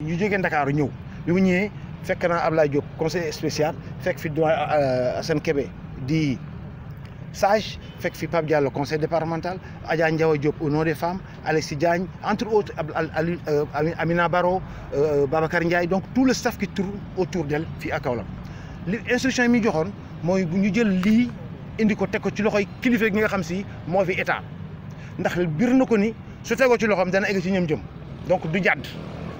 nous jógee Ndakaaru spécial fi à euh, dit sage conseil départemental au nom des femmes Alexis entre autres euh, Amina Baro euh, Babacar Ndiaye donc tout le staff qui tourne autour d'elle à L'instruction indi ko teg ko ci loxoy kilifa gi nga xam si moo fi état ndax biir na ko ni su tegoo ci loxoom dana egg ci ñëm jëm donc du jàdd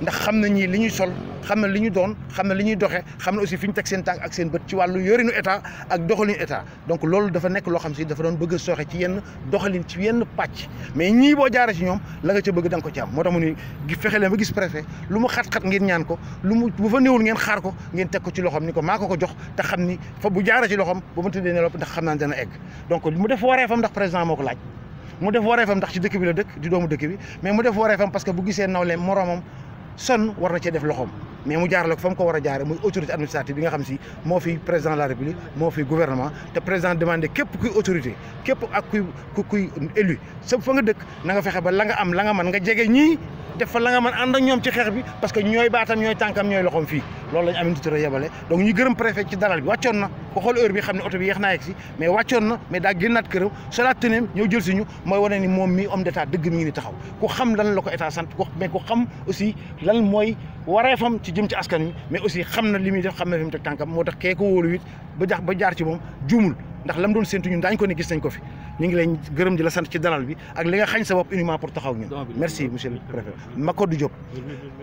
ndax xam na ñii li ñuy sol xam na li ñu doon xam na li ñuy doxee xam na aussi fi ñu teg seen tànk ak seen bët ci wàllu yorinu état ak doxalinu état donc loolu dafa nekk loo xam si dafa doon bëgg a sooxe ci yenn doxalin ci yenn pàcc mais ñii boo bëgg da nga ko ci am moo tax mu ni fexe leen ba gis préfet ko lu ko ci loxoom ni ko maa ko ko jox te xam ni fa bu jaaree ci loxoom ba mu tëddee ne ndax xam naa dana egg donc mu def waree fam ndax président moo ko laaj mu def waree fam ndax ci dëkk bi la dëkk di doomu dëkk bi mais mu def waree fam parce que bu gisee nawle moromam son wara ci def loxom mais mu jaar ko fam ko wara a muy autorité administrative bi nga xam si mo fi président de la république mo fi gouvernement te président demandé képp kuy autorité képp ak kuy kuy élu sa fa nga dëkk na nga fexé ba la nga am la nga man nga jege ñi def fa la nga mën ànd ak ñoom ci xeex bi parce que ñooy baatam ñooy tànkam ñooy loxoom fii loolu lañ Aminata Touré yebale donc ñu gërëm préfet ci dalal bi wàccoon na ko xool heure bi xam ne oto bi yeex naa yegg si mais wàccoon na mais daa génnaat këram solaat si ñu mooy wane ni moom mi homme d'état dëgg mi ngi la ko état sant ko mais ku xam aussi lan mooy wareefam ci jëm ci askan wi mais aussi xam na li muy def xam ne fi mu moo tax kee ko wóolu ba jax ba jaar ci moom juumul ndax lam doon séntu ñun daañ ko ne gis nañ ko fi ñu ngi leen gërëm di la sant ci dalal bi ak li nga xañ sa bopp uniquement pour taxaw ñun merci monsieur le préfet Macodou Diop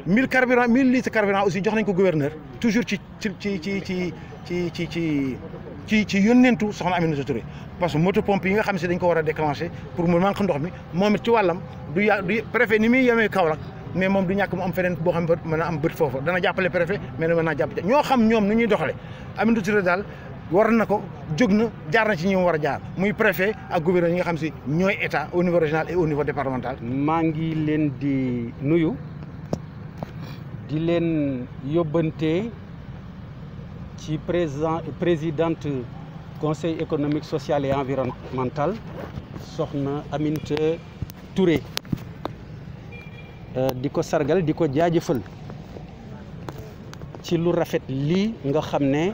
mille carburant mille litres carburant aussi jox nañ ko gouverneur toujours ci ci ci ci ci ci ci ci ci ci yónneentu soxna Aminata Touré parce que moto pompe yi nga xam si dañ ko war a déclenché pour mu manque ndox mi moom it ci wàllam du ya du ni muy yemee Kaolack mais moom du ñàkk mu am feneen boo xam ne mën a am bët foofu dana jàppale préfet mais na mën ñoo xam ñoom nu ñuy doxale Aminata Touré daal war na ko jóg jaar na ci ñu wara war jaar muy préfet ak gouverneur yi nga xam ci ñoy état au niveau régional et au niveau départemental. ma ngi leen di nuyu di leen yóbbante ci président présidente conseil économique social et environnemental soxna aminte Touré euh, diko sargal diko jaajeufal ci lu rafet li nga xam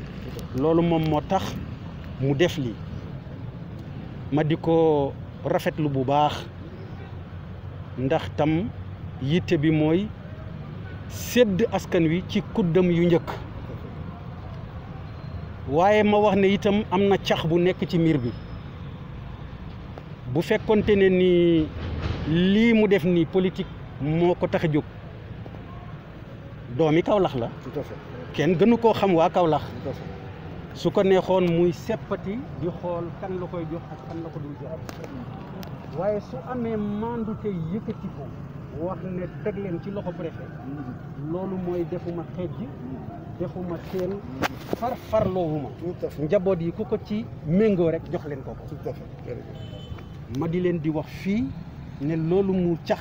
loolu moom moo tax mu def lii ma di ko rafetlu bu baax ndax tam yitte bi mooy sedd askan wi ci kuddam yu njëkk waaye ma wax ne itam am na cax bu nekk ci miir bi bu fekkoonte ne ni lii mu def nii politique moo ko tax a jóg doomi Kaolack la kenn gënu koo xam waa Kaolack su ko neexoon muy seppati di xool kan la koy jox ak kan la ko dul jox waaye su amee mandute yëkkati ko wax ne teg leen ci loxo préfet loolu mooy defuma xeej ji defuma seen far farloowuma njaboot yi ku ko ci méngoo rek jox leen ko ko ma di leen di wax fii ne loolu mu cax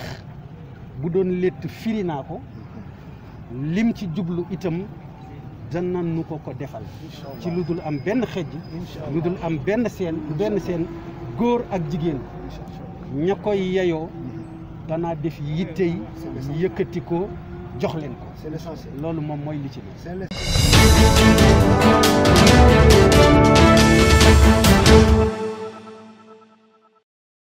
bu doon létt firi naa ko mm-hmm. lim ci jublu itam danañ nu ko ko defal ci lu dul am benn xejj lu dul am benn seen góor ak jigéen ña koy yeyoo mhm. danaa def yi yëkkati yëkkatikoo jox leen ko loolu moom mooy li ci ne